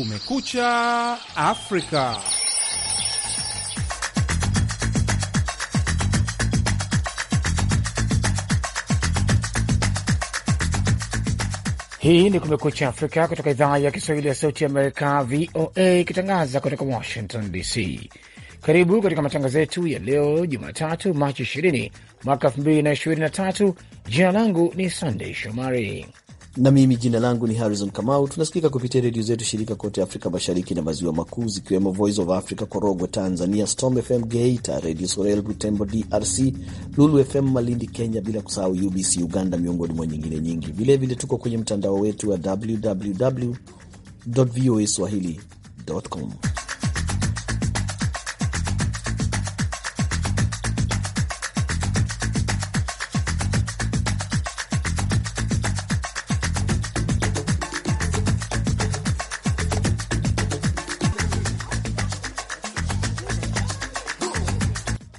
Kumekucha Afrika. Hii ni Kumekucha Afrika kutoka idhaa ya Kiswahili ya Sauti Amerika, VOA, ikitangaza kutoka Washington DC. Karibu katika matangazo yetu ya leo Jumatatu, Machi 20 mwaka 2023. Jina langu ni Sandei Shomari na mimi jina langu ni Harrison Kamau. Tunasikika kupitia redio zetu shirika kote Afrika Mashariki na Maziwa Makuu, zikiwemo Voice of Africa Korogwe Tanzania, Storm FM Geita, Radio Sorel Butembo DRC, Lulu FM Malindi Kenya, bila kusahau UBC Uganda, miongoni mwa nyingine nyingi. Vilevile tuko kwenye mtandao wetu wa www voa swahili.com.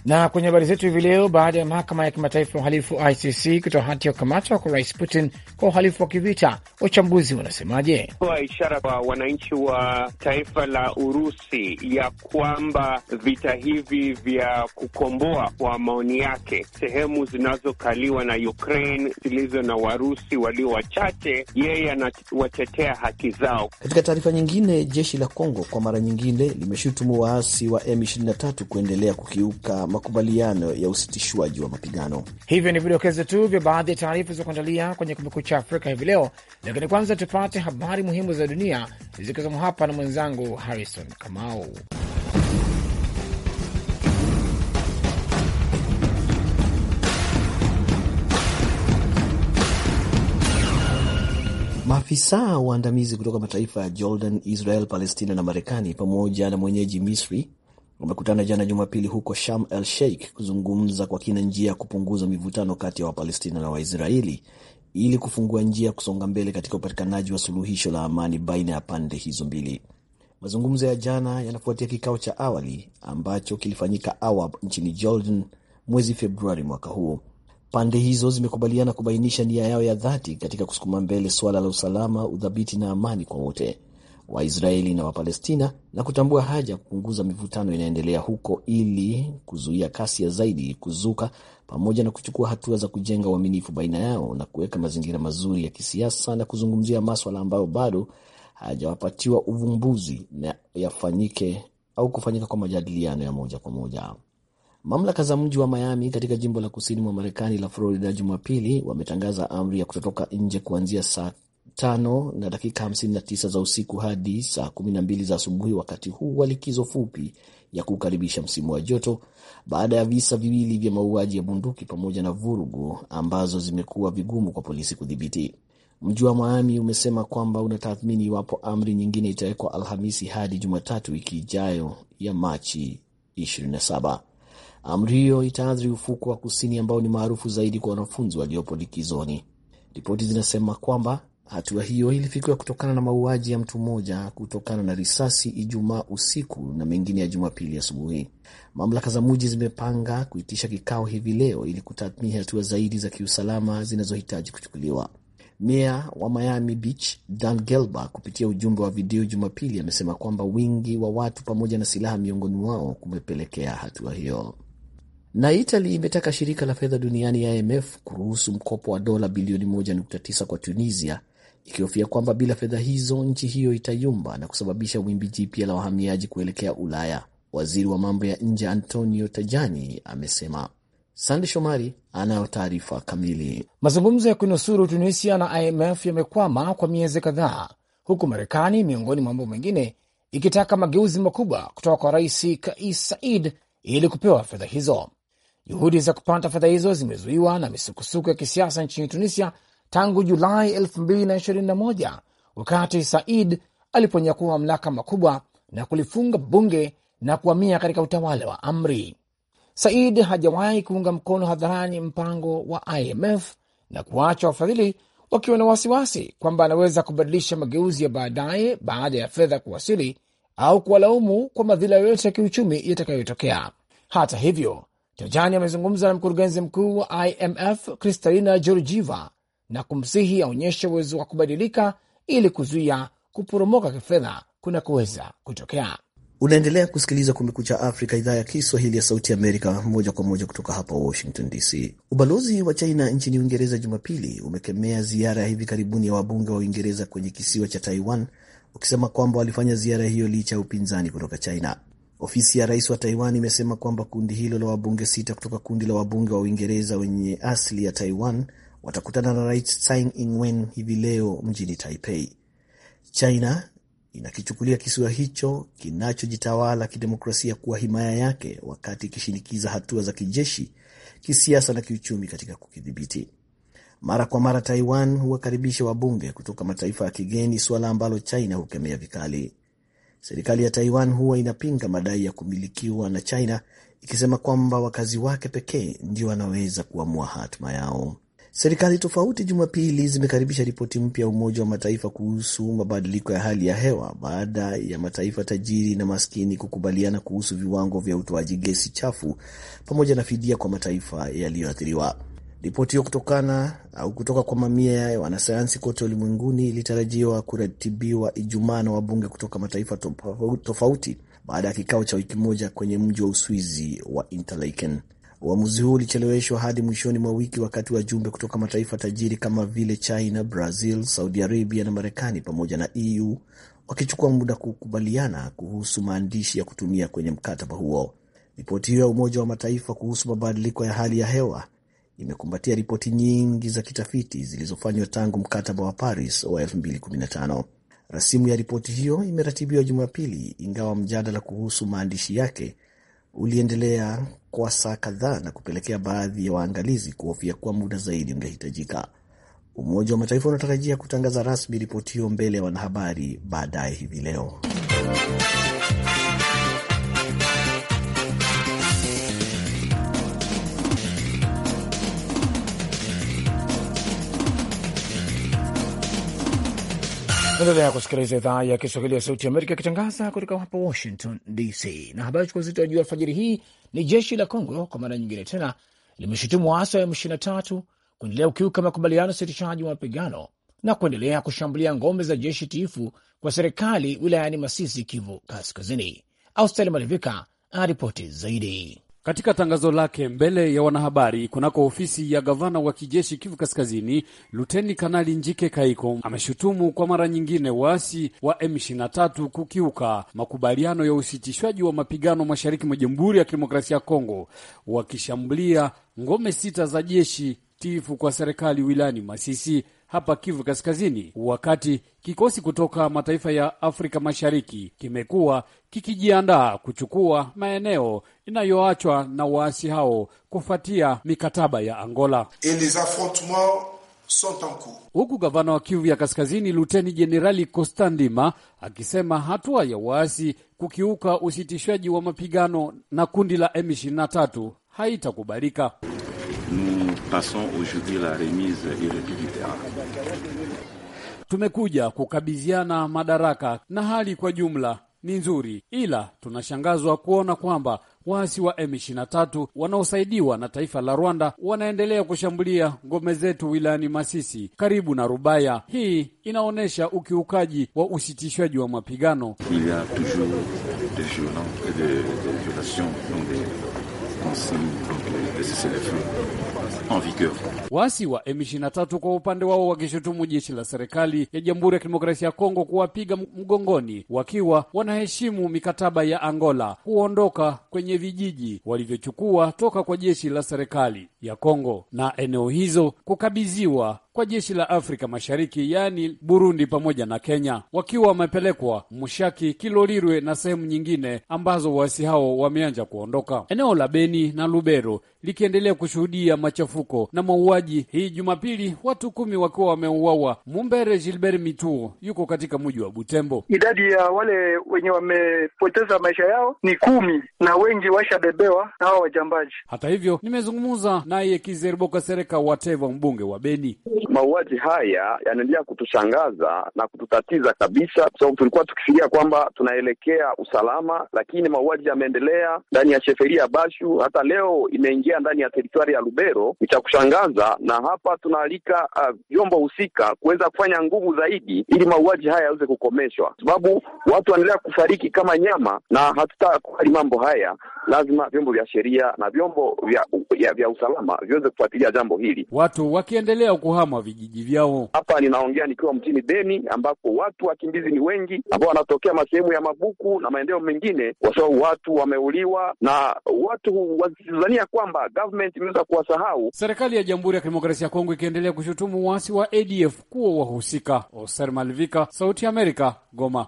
Na kwenye habari zetu hivi leo, baada ya mahakama ya kimataifa ya uhalifu ICC kutoa hati ya kukamatwa kwa rais Putin kwa uhalifu wa kivita Wachambuzi wanasemaje? Kwa ishara kwa wananchi wa taifa la Urusi ya kwamba vita hivi vya kukomboa, kwa maoni yake, sehemu zinazokaliwa na Ukraine zilizo na Warusi walio wachache, yeye anawatetea haki zao. Katika taarifa nyingine, jeshi la Kongo kwa mara nyingine limeshutumu waasi wa M23 kuendelea kukiuka makubaliano ya usitishwaji wa mapigano. Hivyo ni vidokezo tu vya baadhi ya taarifa za kuandalia kwenye Kumekucha Afrika hivi leo lakini kwanza tupate habari muhimu za dunia zikisoma hapa na mwenzangu Harrison Kamau. Maafisa waandamizi kutoka mataifa ya Jordan, Israel, Palestina na Marekani pamoja na mwenyeji Misri wamekutana jana Jumapili huko Sham el Sheikh kuzungumza kwa kina njia ya kupunguza mivutano kati ya Wapalestina na Waisraeli ili kufungua njia ya kusonga mbele katika upatikanaji wa suluhisho la amani baina ya pande hizo mbili. Mazungumzo ya jana yanafuatia kikao cha awali ambacho kilifanyika Awab nchini Jordan mwezi Februari mwaka huu. Pande hizo zimekubaliana kubainisha nia yao ya dhati katika kusukuma mbele suala la usalama, udhabiti na amani kwa wote. Waisraeli na Wapalestina na kutambua haja ya kupunguza mivutano inaendelea huko ili kuzuia kasi ya zaidi kuzuka, pamoja na kuchukua hatua za kujenga uaminifu baina yao na kuweka mazingira mazuri ya kisiasa na kuzungumzia maswala ambayo bado hayajawapatiwa uvumbuzi na yafanyike au kufanyika kwa majadiliano ya moja kwa moja. Mamlaka za mji wa Miami katika jimbo la kusini mwa Marekani la Florida Jumapili wametangaza amri ya kutotoka nje kuanzia saa tano na dakika hamsini na tisa za usiku hadi saa kumi na mbili za asubuhi, wakati huu wa likizo fupi ya kukaribisha msimu wa joto baada ya visa viwili vya mauaji ya bunduki pamoja na vurugu ambazo zimekuwa vigumu kwa polisi kudhibiti. Mji wa Miami umesema kwamba unatathmini iwapo amri nyingine itawekwa Alhamisi hadi Jumatatu wiki ijayo ya Machi 27. Amri hiyo itaathiri ufuko wa kusini ambao ni maarufu zaidi kwa wanafunzi waliopo likizoni. Ripoti zinasema kwamba Hatua hiyo ilifikiwa kutokana na mauaji ya mtu mmoja kutokana na risasi Ijumaa usiku na mengine ya Jumapili asubuhi. Mamlaka za mji zimepanga kuitisha kikao hivi leo ili kutathmini hatua zaidi za kiusalama zinazohitaji kuchukuliwa. Meya wa Miami Beach Dan Gelba, kupitia ujumbe wa video Jumapili, amesema kwamba wingi wa watu pamoja na silaha miongoni mwao kumepelekea hatua hiyo. Na Itali imetaka shirika la fedha duniani IMF kuruhusu mkopo wa dola bilioni 1.9 kwa Tunisia ikihofia kwamba bila fedha hizo nchi hiyo itayumba na kusababisha wimbi jipya la wahamiaji kuelekea Ulaya. Waziri wa mambo ya nje Antonio Tajani amesema. Sande Shomari anayo taarifa kamili. Mazungumzo ya kunusuru Tunisia na IMF yamekwama kwa miezi kadhaa, huku Marekani miongoni mwa mambo mengine ikitaka mageuzi makubwa kutoka kwa Rais Kais Said ili kupewa fedha hizo. Juhudi za kupata fedha hizo zimezuiwa na misukosuko ya kisiasa nchini Tunisia tangu Julai 2021 wakati Said aliponyakua mamlaka makubwa na kulifunga bunge na kuhamia katika utawala wa amri. Said hajawahi kuunga mkono hadharani mpango wa IMF na kuacha wafadhili wakiwa na wasiwasi kwamba anaweza kubadilisha mageuzi ya baadaye baada ya fedha kuwasili au kuwalaumu kwa madhila yoyote ya kiuchumi yatakayotokea. Hata hivyo, Tajani amezungumza na mkurugenzi mkuu wa IMF Kristalina Georgieva na kumsihi aonyeshe uwezo wa kubadilika ili kuzuia kuporomoka kifedha kunakoweza kutokea. Unaendelea kusikiliza Kumekucha Afrika, idhaa ya Kiswahili ya Sauti Amerika, moja kwa moja kutoka hapa Washington DC. Ubalozi wa China nchini Uingereza Jumapili umekemea ziara ya hivi karibuni ya wabunge wa Uingereza kwenye kisiwa cha Taiwan, ukisema kwamba walifanya ziara hiyo licha ya upinzani kutoka China. Ofisi ya rais wa Taiwan imesema kwamba kundi hilo la wabunge sita kutoka kundi la wabunge wa Uingereza wenye asili ya Taiwan watakutana na Rais Tsai Ing-wen hivi leo mjini Taipei. China inakichukulia kisiwa hicho kinachojitawala kidemokrasia kuwa himaya yake, wakati ikishinikiza hatua za kijeshi, kisiasa na kiuchumi katika kukidhibiti. Mara kwa mara Taiwan huwakaribisha wabunge kutoka mataifa ya kigeni, suala ambalo China hukemea vikali. Serikali ya Taiwan huwa inapinga madai ya kumilikiwa na China, ikisema kwamba wakazi wake pekee ndio wanaweza kuamua hatima yao. Serikali tofauti Jumapili zimekaribisha ripoti mpya ya Umoja wa Mataifa kuhusu mabadiliko ya hali ya hewa baada ya mataifa tajiri na maskini kukubaliana kuhusu viwango vya utoaji gesi chafu pamoja na fidia kwa mataifa yaliyoathiriwa. Ripoti hiyo kutokana au kutoka kwa mamia ya wanasayansi kote ulimwenguni ilitarajiwa kuratibiwa Ijumaa na wabunge kutoka mataifa tofauti baada ya kikao cha wiki moja kwenye mji wa Uswizi wa Interlaken. Uamuzi huu ulicheleweshwa hadi mwishoni mwa wiki wakati wajumbe kutoka mataifa tajiri kama vile China, Brazil, Saudi Arabia na Marekani pamoja na EU wakichukua muda kukubaliana kuhusu maandishi ya kutumia kwenye mkataba huo. Ripoti hiyo ya Umoja wa Mataifa kuhusu mabadiliko ya hali ya hewa imekumbatia ripoti nyingi za kitafiti zilizofanywa tangu mkataba wa Paris wa 2015. Rasimu ya ripoti hiyo imeratibiwa Jumapili, ingawa mjadala kuhusu maandishi yake uliendelea kwa saa kadhaa na kupelekea baadhi ya waangalizi kuhofia kuwa muda zaidi ungehitajika. Umoja wa Mataifa unatarajia kutangaza rasmi ripoti hiyo mbele ya wanahabari baadaye hivi leo. endelea kusikiliza idhaa ya Kiswahili ya Sauti Amerika ikitangaza kutoka hapa Washington DC. Na habari chukua uzito wa juu alfajiri hii ni jeshi la congo kwa mara nyingine tena limeshutumu waasi wa M23 kuendelea kukiuka makubaliano ya usitishaji wa mapigano na kuendelea kushambulia ngome za jeshi tiifu kwa serikali wilayani Masisi, Kivu Kaskazini. Austeli Malivika anaripoti zaidi. Katika tangazo lake mbele ya wanahabari kunako ofisi ya gavana wa kijeshi Kivu Kaskazini, Luteni Kanali Njike Kaiko ameshutumu kwa mara nyingine waasi wa M23 kukiuka makubaliano ya usitishwaji wa mapigano mashariki mwa Jamhuri ya Kidemokrasia ya Kongo, wakishambulia ngome sita za jeshi tifu kwa serikali wilani Masisi hapa Kivu Kaskazini, wakati kikosi kutoka mataifa ya Afrika Mashariki kimekuwa kikijiandaa kuchukua maeneo inayoachwa na waasi hao kufuatia mikataba ya Angola. Huku gavana wa Kivu ya Kaskazini Luteni Jenerali Kostandima akisema hatua ya waasi kukiuka usitishaji wa mapigano na kundi la M23 haitakubalika. Nous passons aujourd'hui la remise irrépublicaine. Tumekuja kukabidhiana madaraka na hali kwa jumla ni nzuri, ila tunashangazwa kuona kwamba waasi wa M23 wanaosaidiwa na taifa la Rwanda wanaendelea kushambulia ngome zetu wilayani Masisi karibu na Rubaya. Hii inaonyesha ukiukaji wa usitishwaji wa mapigano en vigueur. Waasi wa M23 kwa upande wao wakishutumu jeshi la serikali ya Jamhuri ya Kidemokrasia ya Kongo kuwapiga mgongoni wakiwa wanaheshimu mikataba ya Angola kuondoka kwenye vijiji walivyochukua toka kwa jeshi la serikali ya Kongo na eneo hizo kukabidhiwa kwa jeshi la Afrika Mashariki, yaani Burundi pamoja na Kenya, wakiwa wamepelekwa Mushaki, Kilolirwe na sehemu nyingine ambazo waasi hao wameanza kuondoka. Eneo la Beni na Lubero likiendelea kushuhudia machafuko na mauaji. Hii Jumapili watu kumi wakiwa wameuawa. Mumbere Gilbert Mituo yuko katika mji wa Butembo. Idadi ya wale wenye wamepoteza maisha yao ni kumi na wengi washabebewa na hawa wajambaji. Hata hivyo, nimezungumza naye Kizeriboka Sereka Wateva, mbunge wa Beni. Mauaji haya yanaendelea kutushangaza na kututatiza kabisa, kwa sababu tulikuwa tukifikiria kwamba tunaelekea usalama, lakini mauaji yameendelea ndani ya Sheferia Bashu, hata leo imeingia ndani ya teritwari ya Lubero. Ni cha kushangaza, na hapa tunaalika uh, vyombo uh, husika kuweza kufanya nguvu zaidi ili mauaji haya yaweze kukomeshwa, sababu watu wanaendelea kufariki kama nyama, na hatutakubali mambo haya. Lazima vyombo vya sheria na vyombo vya, vya usalama viweze kufuatilia jambo hili, watu wakiendelea kuhama mwa vijiji vyao. Hapa ninaongea nikiwa mjini Beni, ambapo watu wakimbizi ni wengi ambao wanatokea masehemu ya Mabuku na maeneo mengine, kwa sababu watu wameuliwa na watu wakizania kwamba government imeweza kuwasahau. Serikali ya Jamhuri ya Kidemokrasia ya Kongo ikiendelea kushutumu wasi wa ADF kuwa wahusika. Oser Malvika, Sauti ya Amerika, Goma.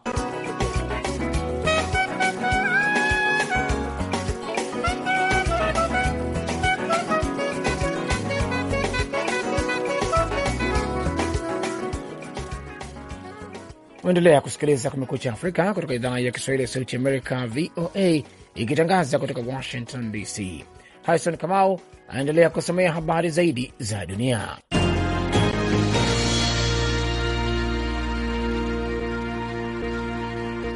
Unaendelea kusikiliza Kumekucha Afrika kutoka idhaa ya Kiswahili ya Sauti Amerika, VOA, ikitangaza kutoka Washington DC. Harison Kamau anaendelea kusomea habari zaidi za dunia.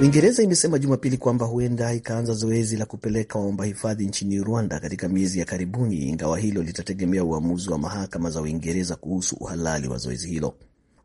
Uingereza imesema Jumapili kwamba huenda ikaanza zoezi la kupeleka waomba hifadhi nchini Rwanda katika miezi ya karibuni, ingawa hilo litategemea uamuzi wa mahakama za Uingereza kuhusu uhalali wa zoezi hilo.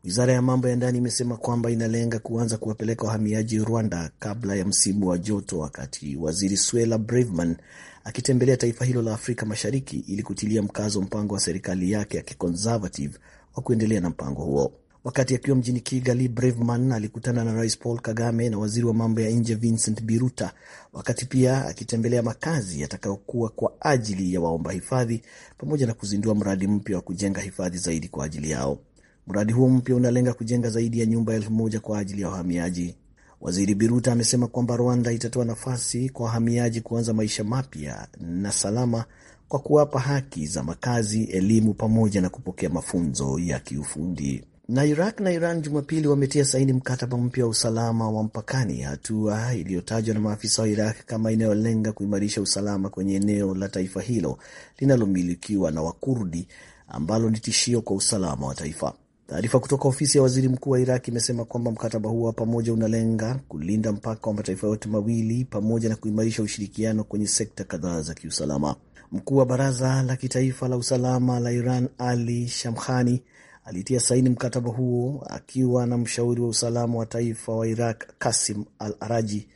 Wizara ya mambo ya ndani imesema kwamba inalenga kuanza kuwapeleka wahamiaji Rwanda kabla ya msimu wa joto, wakati waziri Swela Braverman akitembelea taifa hilo la Afrika Mashariki ili kutilia mkazo mpango wa serikali yake ya kiconservative wa kuendelea na mpango huo. Wakati akiwa mjini Kigali, brevman alikutana na Rais Paul Kagame na waziri wa mambo ya nje Vincent Biruta, wakati pia akitembelea makazi yatakayokuwa kwa ajili ya waomba hifadhi pamoja na kuzindua mradi mpya wa kujenga hifadhi zaidi kwa ajili yao. Mradi huo mpya unalenga kujenga zaidi ya nyumba elfu moja kwa ajili ya wahamiaji. Waziri Biruta amesema kwamba Rwanda itatoa nafasi kwa wahamiaji kuanza maisha mapya na salama kwa kuwapa haki za makazi, elimu pamoja na kupokea mafunzo ya kiufundi. Na Iraq na Iran Jumapili wametia saini mkataba mpya wa usalama wa mpakani, hatua iliyotajwa na maafisa wa Iraq kama inayolenga kuimarisha usalama kwenye eneo la taifa hilo linalomilikiwa na Wakurdi ambalo ni tishio kwa usalama wa taifa. Taarifa kutoka ofisi ya waziri mkuu wa Iraq imesema kwamba mkataba huo wa pamoja unalenga kulinda mpaka wa mataifa yote mawili pamoja na kuimarisha ushirikiano kwenye sekta kadhaa za kiusalama. Mkuu wa baraza la kitaifa la usalama la Iran Ali Shamkhani alitia saini mkataba huo akiwa na mshauri wa usalama wa taifa wa Iraq Kasim Al Araji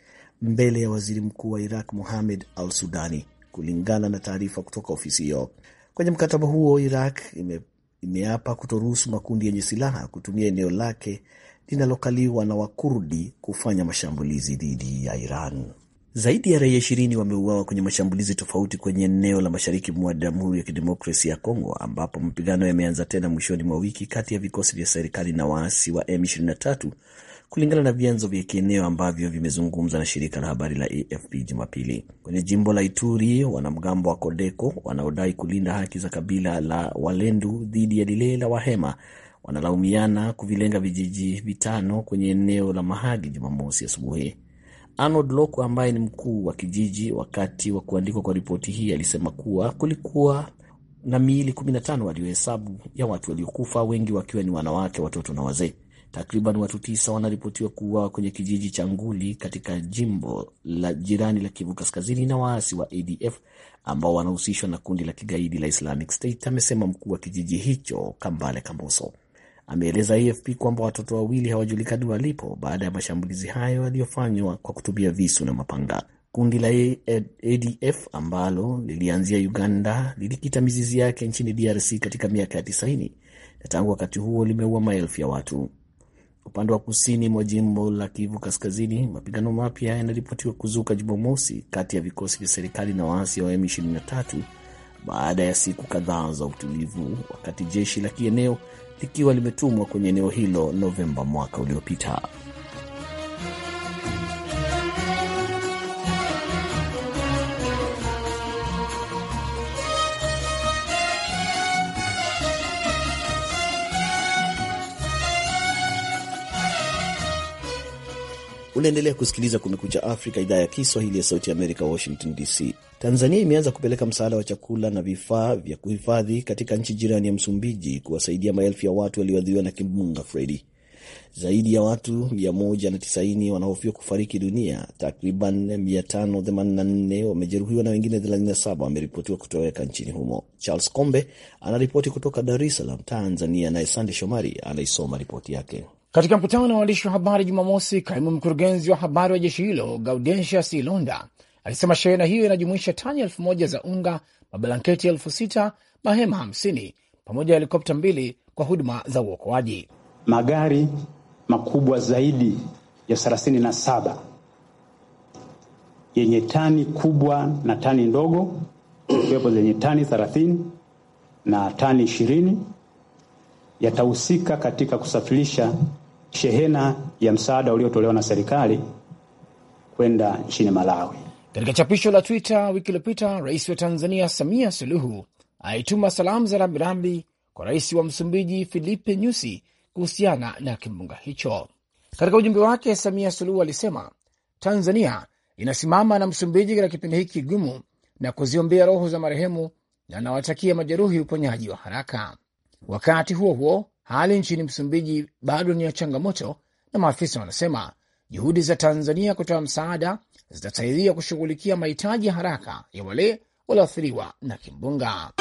mbele ya waziri mkuu wa Iraq muhamed Al Sudani, kulingana na taarifa kutoka ofisi hiyo. Kwenye mkataba huo Iraq ime imeapa kutoruhusu makundi yenye silaha kutumia eneo lake linalokaliwa na Wakurdi kufanya mashambulizi dhidi ya Iran. Zaidi ya raia ishirini wameuawa kwenye mashambulizi tofauti kwenye eneo la mashariki mwa Jamhuri ya kidemokrasi ya Kongo, ambapo mapigano yameanza tena mwishoni mwa wiki kati ya vikosi vya serikali na waasi wa M23 kulingana na vyanzo vya kieneo ambavyo vimezungumza na shirika la habari la AFP Jumapili. Kwenye jimbo la Ituri, wanamgambo wa Kodeko wanaodai kulinda haki za kabila la Walendu dhidi ya lile la Wahema wanalaumiana kuvilenga vijiji vitano kwenye eneo la Mahagi Jumamosi asubuhi. Arnold Loko ambaye ni mkuu wa kijiji, wakati wa kuandikwa kwa ripoti hii, alisema kuwa kulikuwa na miili 15 waliohesabu ya watu waliokufa, wengi wakiwa ni wanawake, watoto na wazee. Takriban watu tisa wanaripotiwa kuuawa kwenye kijiji cha Nguli katika jimbo la jirani la Kivu Kaskazini na waasi wa ADF ambao wanahusishwa na kundi la kigaidi la Islamic State, amesema mkuu wa kijiji hicho Kambale Kamboso. Ameeleza AFP kwamba watoto wawili hawajulikani walipo baada ya mashambulizi hayo yaliyofanywa kwa kutumia visu na mapanga. Kundi la ADF ambalo lilianzia Uganda lilikita mizizi yake nchini DRC katika miaka ya 90 na tangu wakati huo limeua maelfu ya watu. Upande wa kusini mwa jimbo la Kivu Kaskazini, mapigano mapya yanaripotiwa kuzuka Jumamosi kati ya vikosi vya serikali na waasi wa M23 baada ya siku kadhaa za utulivu, wakati jeshi la kieneo likiwa limetumwa kwenye eneo hilo Novemba mwaka uliopita. Unaendelea kusikiliza Kumekucha Afrika, idhaa ya Kiswahili ya Sauti ya Amerika, Washington DC. Tanzania imeanza kupeleka msaada wa chakula na vifaa vya kuhifadhi katika nchi jirani ya Msumbiji kuwasaidia maelfu ya watu walioadhiriwa na kimbunga Fredi. Zaidi ya watu 190 wanahofiwa kufariki dunia, takriban 584 wamejeruhiwa na wengine 37 wameripotiwa kutoweka nchini humo. Charles Kombe anaripoti kutoka Dar es Salaam, Tanzania, naye Sande Shomari anaisoma ripoti yake. Katika mkutano na waandishi wa habari Jumamosi, kaimu mkurugenzi wa habari wa jeshi hilo Gaudensia Silonda alisema shehena hiyo inajumuisha tani elfu moja za unga, mablanketi elfu sita, mahema hamsini pamoja na helikopta mbili kwa huduma za uokoaji. Magari makubwa zaidi ya thelathini na saba yenye tani kubwa na tani ndogo, ikiwepo zenye tani thelathini na tani ishirini yatahusika katika kusafirisha shehena ya msaada uliotolewa na serikali kwenda nchini Malawi. Katika chapisho la Twitter wiki iliyopita, rais wa Tanzania Samia Suluhu aituma salamu za rambirambi kwa rais wa Msumbiji Filipe Nyusi kuhusiana na kimbunga hicho. Katika ujumbe wake, Samia Suluhu alisema Tanzania inasimama na Msumbiji katika kipindi hiki kigumu na kuziombea roho za marehemu, na anawatakia majeruhi uponyaji wa haraka. Wakati huo huo, hali nchini Msumbiji bado ni ya changamoto, na maafisa wanasema juhudi za Tanzania kutoa msaada zitasaidia kushughulikia mahitaji haraka ya wale walioathiriwa na kimbunga.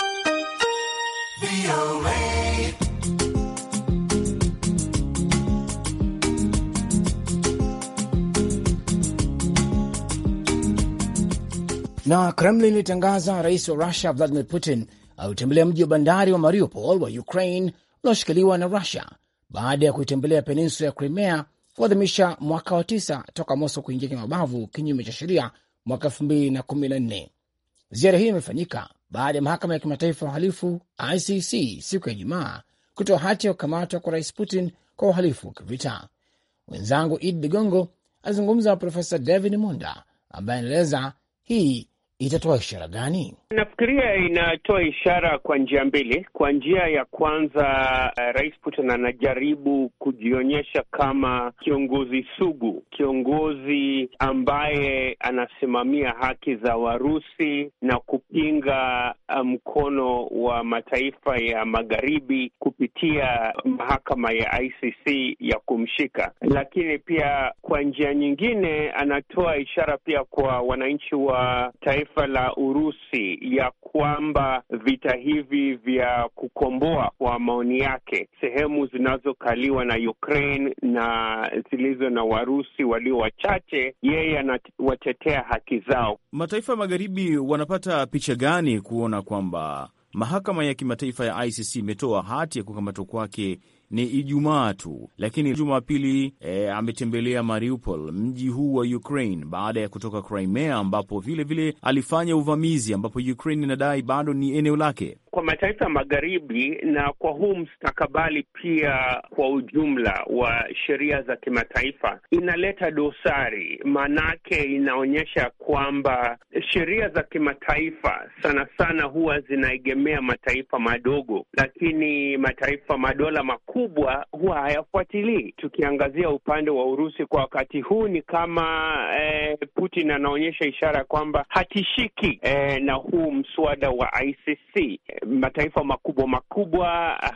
Na Kremlin ilitangaza rais wa Rusia Vladimir Putin alitembelea mji wa bandari wa Mariupol wa Ukraine unaoshikiliwa na Rusia baada ya kuitembelea peninsula ya Crimea kuadhimisha mwaka wa tisa toka Moscow kuingia kimabavu kinyume cha sheria mwaka elfu mbili na kumi na nne. Ziara hiyo imefanyika baada ya mahakama ya kimataifa ya uhalifu ICC siku ya Ijumaa kutoa hati ya kukamatwa kwa rais Putin kwa uhalifu wa kivita. Mwenzangu Id Ligongo alizungumza na Profesa David Monda ambaye anaeleza hii itatoa ishara gani. Nafikiria inatoa ishara kwa njia mbili. Kwa njia ya kwanza, eh, Rais Putin anajaribu kujionyesha kama kiongozi sugu, kiongozi ambaye anasimamia haki za Warusi na kupinga eh, mkono wa mataifa ya magharibi kupitia mahakama ya ICC ya kumshika. Lakini pia kwa njia nyingine, anatoa ishara pia kwa wananchi wa taifa la Urusi ya kwamba vita hivi vya kukomboa, kwa maoni yake, sehemu zinazokaliwa na Ukraine na zilizo na Warusi walio wachache, yeye anawatetea haki zao. Mataifa ya magharibi wanapata picha gani kuona kwamba mahakama ya kimataifa ya ICC imetoa hati ya kukamatwa kwake ni Ijumaa tu, lakini Jumapili e, ametembelea Mariupol, mji huu wa Ukraine baada ya kutoka Crimea, ambapo vilevile vile alifanya uvamizi, ambapo Ukraine inadai bado ni eneo lake kwa mataifa magharibi na kwa huu mstakabali pia kwa ujumla wa sheria za kimataifa inaleta dosari, maanake inaonyesha kwamba sheria za kimataifa sana sana huwa zinaegemea mataifa madogo, lakini mataifa madola makubwa huwa hayafuatilii. Tukiangazia upande wa Urusi kwa wakati huu ni kama eh, Putin anaonyesha ishara ya kwamba hatishiki eh, na huu mswada wa ICC mataifa makubwa makubwa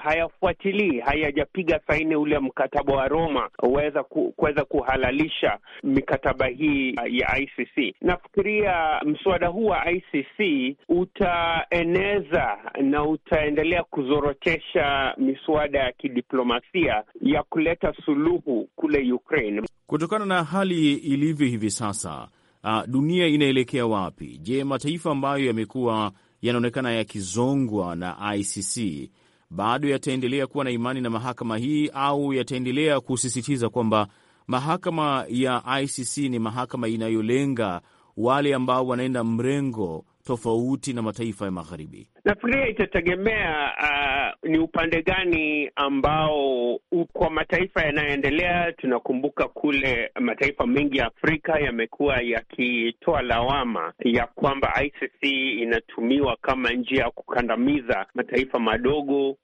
hayafuatilii, hayajapiga saini ule mkataba wa Roma weza ku, kuweza kuhalalisha mikataba hii ya ICC. Nafikiria mswada huu wa ICC utaeneza na utaendelea kuzorotesha miswada ya kidiplomasia ya kuleta suluhu kule Ukraine kutokana na hali ilivyo hivi sasa. Uh, dunia inaelekea wapi? Je, mataifa ambayo yamekuwa yanaonekana yakizongwa na ICC, bado yataendelea kuwa na imani na mahakama hii au yataendelea kusisitiza kwamba mahakama ya ICC ni mahakama inayolenga wale ambao wanaenda mrengo tofauti na mataifa ya magharibi? Nafikiria itategemea uh, ni upande gani ambao kwa mataifa yanayoendelea. Tunakumbuka kule mataifa mengi ya Afrika yamekuwa yakitoa lawama ya kwamba ICC inatumiwa kama njia ya kukandamiza mataifa madogo uh,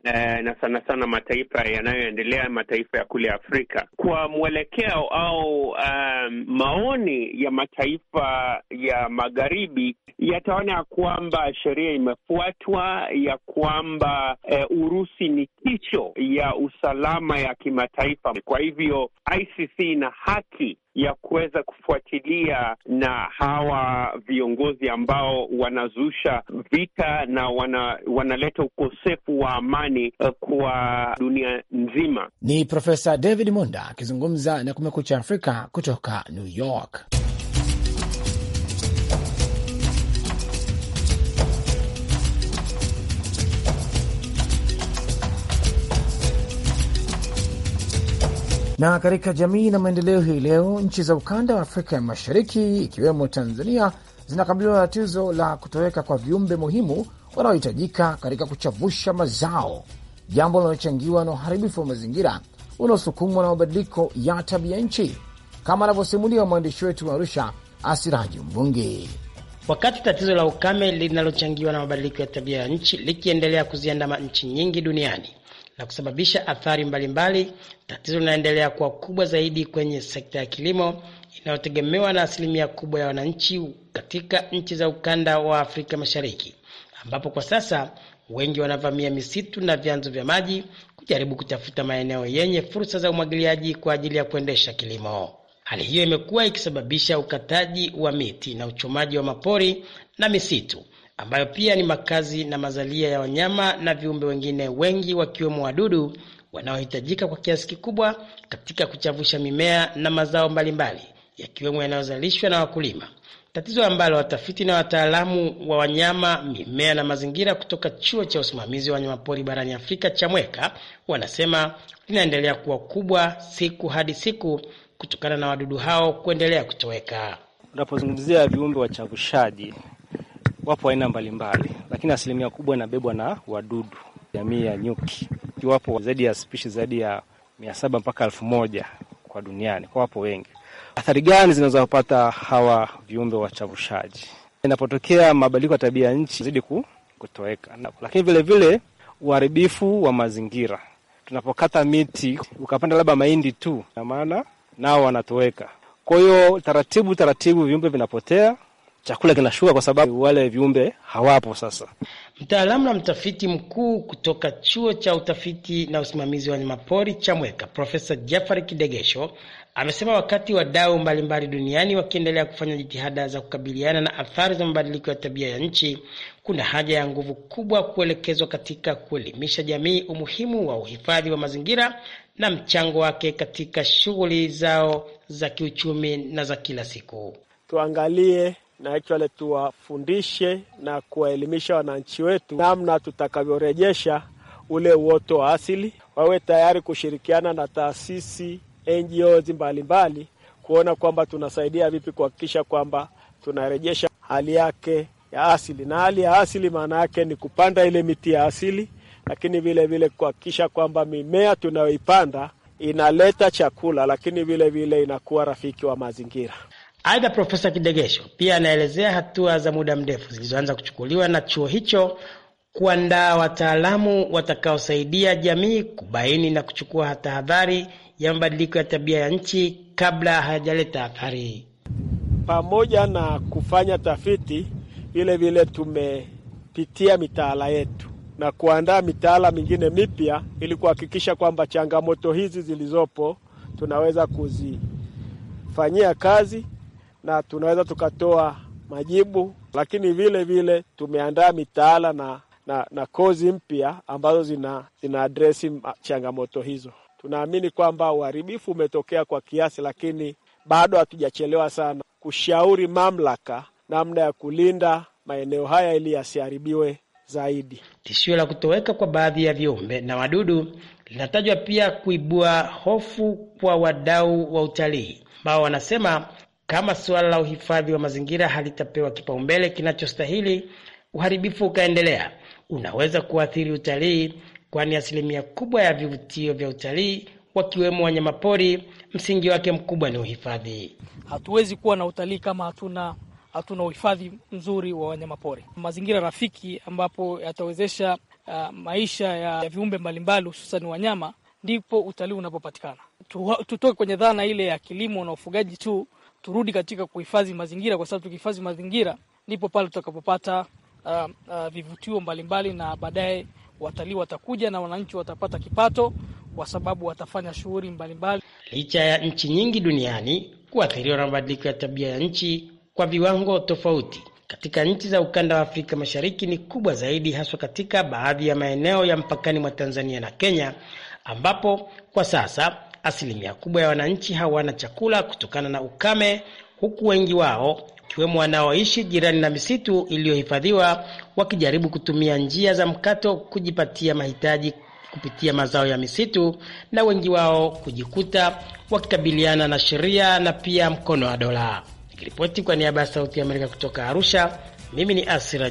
na sana sana mataifa yanayoendelea, mataifa ya kule Afrika. Kwa mwelekeo au um, maoni ya mataifa ya magharibi yataona ya kwamba sheria imefuatwa, ya kwamba eh, Urusi ni kicho ya usalama ya kimataifa. Kwa hivyo ICC ina haki ya kuweza kufuatilia na hawa viongozi ambao wanazusha vita na wana, wanaleta ukosefu wa amani eh, kwa dunia nzima. Ni Profesa David Monda akizungumza na Kumekucha Afrika kutoka New York. Na katika jamii na maendeleo, hii leo nchi za ukanda wa Afrika ya Mashariki ikiwemo Tanzania zinakabiliwa na tatizo la kutoweka kwa viumbe muhimu wanaohitajika katika kuchavusha mazao, jambo linalochangiwa na uharibifu wa mazingira unaosukumwa na mabadiliko ya tabia nchi, kama anavyosimuliwa mwandishi wetu wa Arusha, Asiraji mbungi Wakati tatizo la ukame linalochangiwa na mabadiliko ya tabia ya nchi likiendelea kuziandama nchi nyingi duniani, na kusababisha athari mbalimbali, tatizo linaendelea kuwa kubwa zaidi kwenye sekta ya kilimo inayotegemewa na asilimia kubwa ya wananchi katika nchi za ukanda wa Afrika Mashariki, ambapo kwa sasa wengi wanavamia misitu na vyanzo vya maji kujaribu kutafuta maeneo yenye fursa za umwagiliaji kwa ajili ya kuendesha kilimo. Hali hiyo imekuwa ikisababisha ukataji wa miti na uchomaji wa mapori na misitu ambayo pia ni makazi na mazalia ya wanyama na viumbe wengine wengi wakiwemo wadudu wanaohitajika kwa kiasi kikubwa katika kuchavusha mimea na mazao mbalimbali yakiwemo yanayozalishwa na wakulima, tatizo ambalo watafiti na wataalamu wa wanyama, mimea na mazingira kutoka chuo cha usimamizi wa wanyamapori barani Afrika CHAMWEKA wanasema linaendelea kuwa kubwa siku hadi siku kutokana na wadudu hao kuendelea kutoweka. Unapozungumzia viumbe wachavushaji Wapo aina mbalimbali, lakini asilimia kubwa inabebwa na wadudu jamii ya nyuki. Wapo zaidi ya spishi zaidi ya mia saba mpaka elfu moja kwa duniani, kwa wapo wengi. Athari gani zinazopata hawa viumbe wachavushaji? Inapotokea mabadiliko ya tabia ya nchi zidi kutoweka, lakini vilevile uharibifu wa mazingira. Tunapokata miti ukapanda labda mahindi tu, na maana nao wanatoweka. Kwa hiyo taratibu taratibu viumbe vinapotea chakula kinashuka kwa sababu wale viumbe hawapo. Sasa mtaalamu na mtafiti mkuu kutoka chuo cha utafiti na usimamizi wa wanyamapori cha Mweka, Profesa Jafari Kidegesho amesema wakati wadau mbalimbali duniani wakiendelea kufanya jitihada za kukabiliana na athari za mabadiliko ya tabia ya nchi, kuna haja ya nguvu kubwa kuelekezwa katika kuelimisha jamii umuhimu wa uhifadhi wa mazingira na mchango wake katika shughuli zao za kiuchumi na za kila siku. Tuangalie na actually tuwafundishe na kuwaelimisha wananchi wetu namna tutakavyorejesha ule uoto wa asili. Wawe tayari kushirikiana na taasisi NGOs mbalimbali kuona kwamba tunasaidia vipi kuhakikisha kwamba tunarejesha hali yake ya asili, na hali ya asili maana yake ni kupanda ile miti ya asili, lakini vilevile kuhakikisha kwamba mimea tunayoipanda inaleta chakula, lakini vilevile vile inakuwa rafiki wa mazingira. Aidha, Profesa Kidegesho pia anaelezea hatua za muda mrefu zilizoanza kuchukuliwa na chuo hicho kuandaa wataalamu watakaosaidia jamii kubaini na kuchukua tahadhari ya mabadiliko ya tabia ya nchi kabla hayajaleta athari. Pamoja na kufanya tafiti, vile vile tumepitia mitaala yetu na kuandaa mitaala mingine mipya ili kuhakikisha kwamba changamoto hizi zilizopo tunaweza kuzifanyia kazi na tunaweza tukatoa majibu, lakini vile vile tumeandaa mitaala na, na, na kozi mpya ambazo zina, zina adresi changamoto hizo. Tunaamini kwamba uharibifu umetokea kwa kiasi, lakini bado hatujachelewa sana kushauri mamlaka namna ya kulinda maeneo haya ili yasiharibiwe zaidi. Tishio la kutoweka kwa baadhi ya viumbe na wadudu linatajwa pia kuibua hofu kwa wadau wa utalii ambao wanasema kama suala la uhifadhi wa mazingira halitapewa kipaumbele kinachostahili, uharibifu ukaendelea, unaweza kuathiri utalii, kwani asilimia kubwa ya vivutio vya utalii wakiwemo wanyamapori msingi wake mkubwa ni uhifadhi. Hatuwezi kuwa na utalii kama hatuna hatuna uhifadhi mzuri wa wanyamapori, mazingira rafiki ambapo yatawezesha uh, maisha ya, ya viumbe mbalimbali hususan wanyama, ndipo utalii unapopatikana. Tutoke kwenye dhana ile ya kilimo na ufugaji tu turudi katika kuhifadhi mazingira, kwa sababu tukihifadhi mazingira ndipo pale tutakapopata uh, uh, vivutio mbalimbali na baadaye watalii watakuja na wananchi watapata kipato kwa sababu watafanya shughuli mbalimbali. Licha ya nchi nyingi duniani kuathiriwa na mabadiliko ya tabia ya nchi kwa viwango tofauti, katika nchi za ukanda wa Afrika Mashariki ni kubwa zaidi, haswa katika baadhi ya maeneo ya mpakani mwa Tanzania na Kenya, ambapo kwa sasa Asilimia kubwa ya wananchi hawana chakula kutokana na ukame, huku wengi wao ikiwemo wanaoishi jirani na misitu iliyohifadhiwa wakijaribu kutumia njia za mkato kujipatia mahitaji kupitia mazao ya misitu, na wengi wao kujikuta wakikabiliana na sheria na pia mkono wa dola. Nikiripoti kwa niaba ya Sauti ya Amerika kutoka Arusha, mimi ni Asira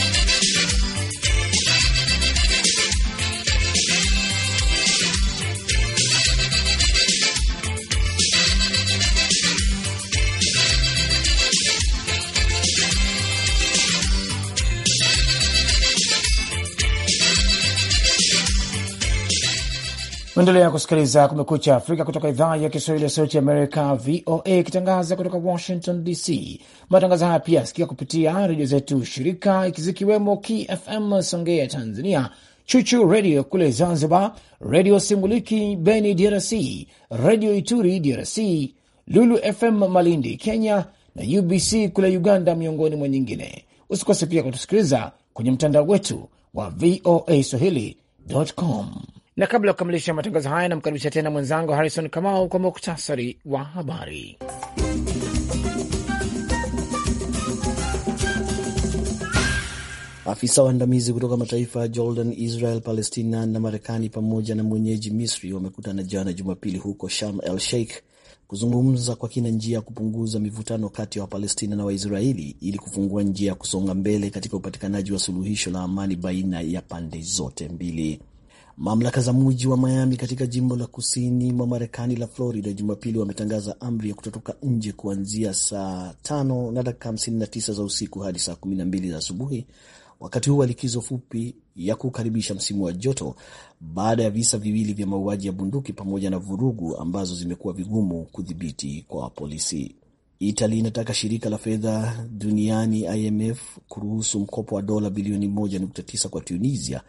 Tuendelea kusikiliza Kumekucha Afrika kutoka idhaa ya Kiswahili ya Sauti Amerika, VOA, ikitangaza kutoka Washington DC. Matangazo haya pia yasikia kupitia redio zetu shirika zikiwemo KFM Songea Tanzania, Chuchu Redio kule Zanzibar, Redio Simuliki Beni DRC, Redio Ituri DRC, Lulu FM Malindi Kenya na UBC kule Uganda, miongoni mwa nyingine. Usikose pia kutusikiliza kwenye mtandao wetu wa VOA swahili.com. Na kabla ya kukamilisha matangazo haya, namkaribisha tena mwenzangu Harrison Kamau kwa muktasari wa habari. Afisa waandamizi kutoka mataifa ya Jordan, Israel, Palestina na Marekani pamoja na mwenyeji Misri wamekutana jana Jumapili huko Sharm el Sheikh kuzungumza kwa kina njia ya kupunguza mivutano kati ya wa Wapalestina na Waisraeli ili kufungua njia ya kusonga mbele katika upatikanaji wa suluhisho la amani baina ya pande zote mbili. Mamlaka za mji wa Miami katika jimbo la kusini mwa Marekani la Florida Jumapili wametangaza amri ya kutotoka nje kuanzia saa tano na dakika 59 za usiku hadi saa 12 za asubuhi, wakati huu wa likizo fupi ya kukaribisha msimu wa joto baada ya visa viwili vya mauaji ya bunduki pamoja na vurugu ambazo zimekuwa vigumu kudhibiti kwa polisi. Italy inataka Shirika la Fedha Duniani IMF kuruhusu mkopo wa dola bilioni 1.9 kwa Tunisia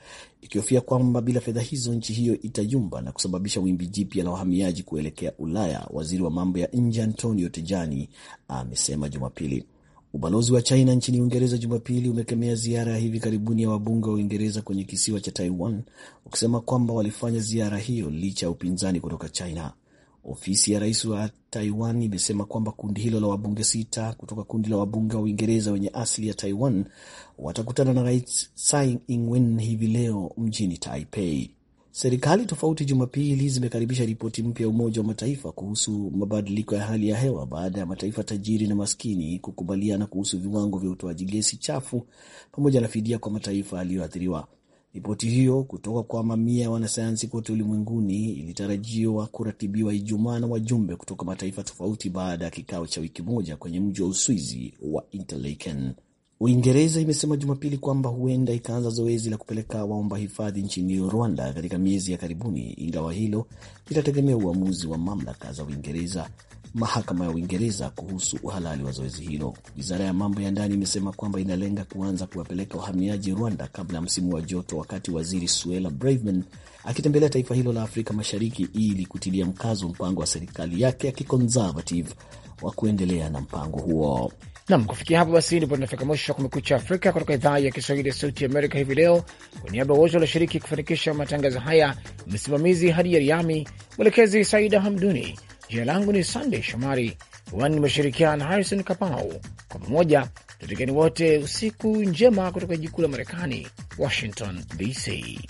ikihofia kwamba bila fedha hizo nchi hiyo itayumba na kusababisha wimbi jipya la wahamiaji kuelekea Ulaya, waziri wa mambo ya nje Antonio Tajani amesema Jumapili. Ubalozi wa China nchini Uingereza Jumapili umekemea ziara ya hivi karibuni ya wabunge wa Uingereza kwenye kisiwa cha Taiwan ukisema kwamba walifanya ziara hiyo licha ya upinzani kutoka China. Ofisi ya rais wa Taiwan imesema kwamba kundi hilo la wabunge sita kutoka kundi la wabunge wa Uingereza wenye asili ya Taiwan watakutana na rais Tsai Ing-wen hivi leo mjini Taipei. Serikali tofauti Jumapili zimekaribisha ripoti mpya ya Umoja wa Mataifa kuhusu mabadiliko ya hali ya hewa baada ya mataifa tajiri na maskini kukubaliana kuhusu viwango vya utoaji gesi chafu pamoja na fidia kwa mataifa yaliyoathiriwa. Ripoti hiyo kutoka kwa mamia ya wanasayansi kote ulimwenguni ilitarajiwa kuratibiwa Ijumaa na wajumbe kutoka mataifa tofauti baada ya kikao cha wiki moja kwenye mji wa Uswizi wa Interlaken. Uingereza imesema Jumapili kwamba huenda ikaanza zoezi la kupeleka waomba hifadhi nchini Rwanda katika miezi ya karibuni, ingawa hilo litategemea uamuzi wa mamlaka za Uingereza mahakama ya Uingereza kuhusu uhalali wa zoezi hilo. Wizara ya mambo ya ndani imesema kwamba inalenga kuanza kuwapeleka wahamiaji Rwanda kabla ya msimu wa joto, wakati waziri Suela Braverman akitembelea taifa hilo la Afrika Mashariki ili kutilia mkazo mpango wa serikali yake ya kiconservative wa kuendelea na mpango huo. Nam, kufikia hapo basi ndipo tunafika mwisho wa Kumekucha Afrika kutoka idhaa ya Kiswahili ya Sauti Amerika hivi leo. Kwa niaba ya wote walioshiriki kufanikisha matangazo haya, msimamizi Hadi Yariami, mwelekezi Saida Hamduni. Jina langu ni Sandey Shomari, hewani nimeshirikiana na Harrison Kapau. Kwa pamoja tutikeni wote usiku njema kutoka jikuu la Marekani, Washington DC.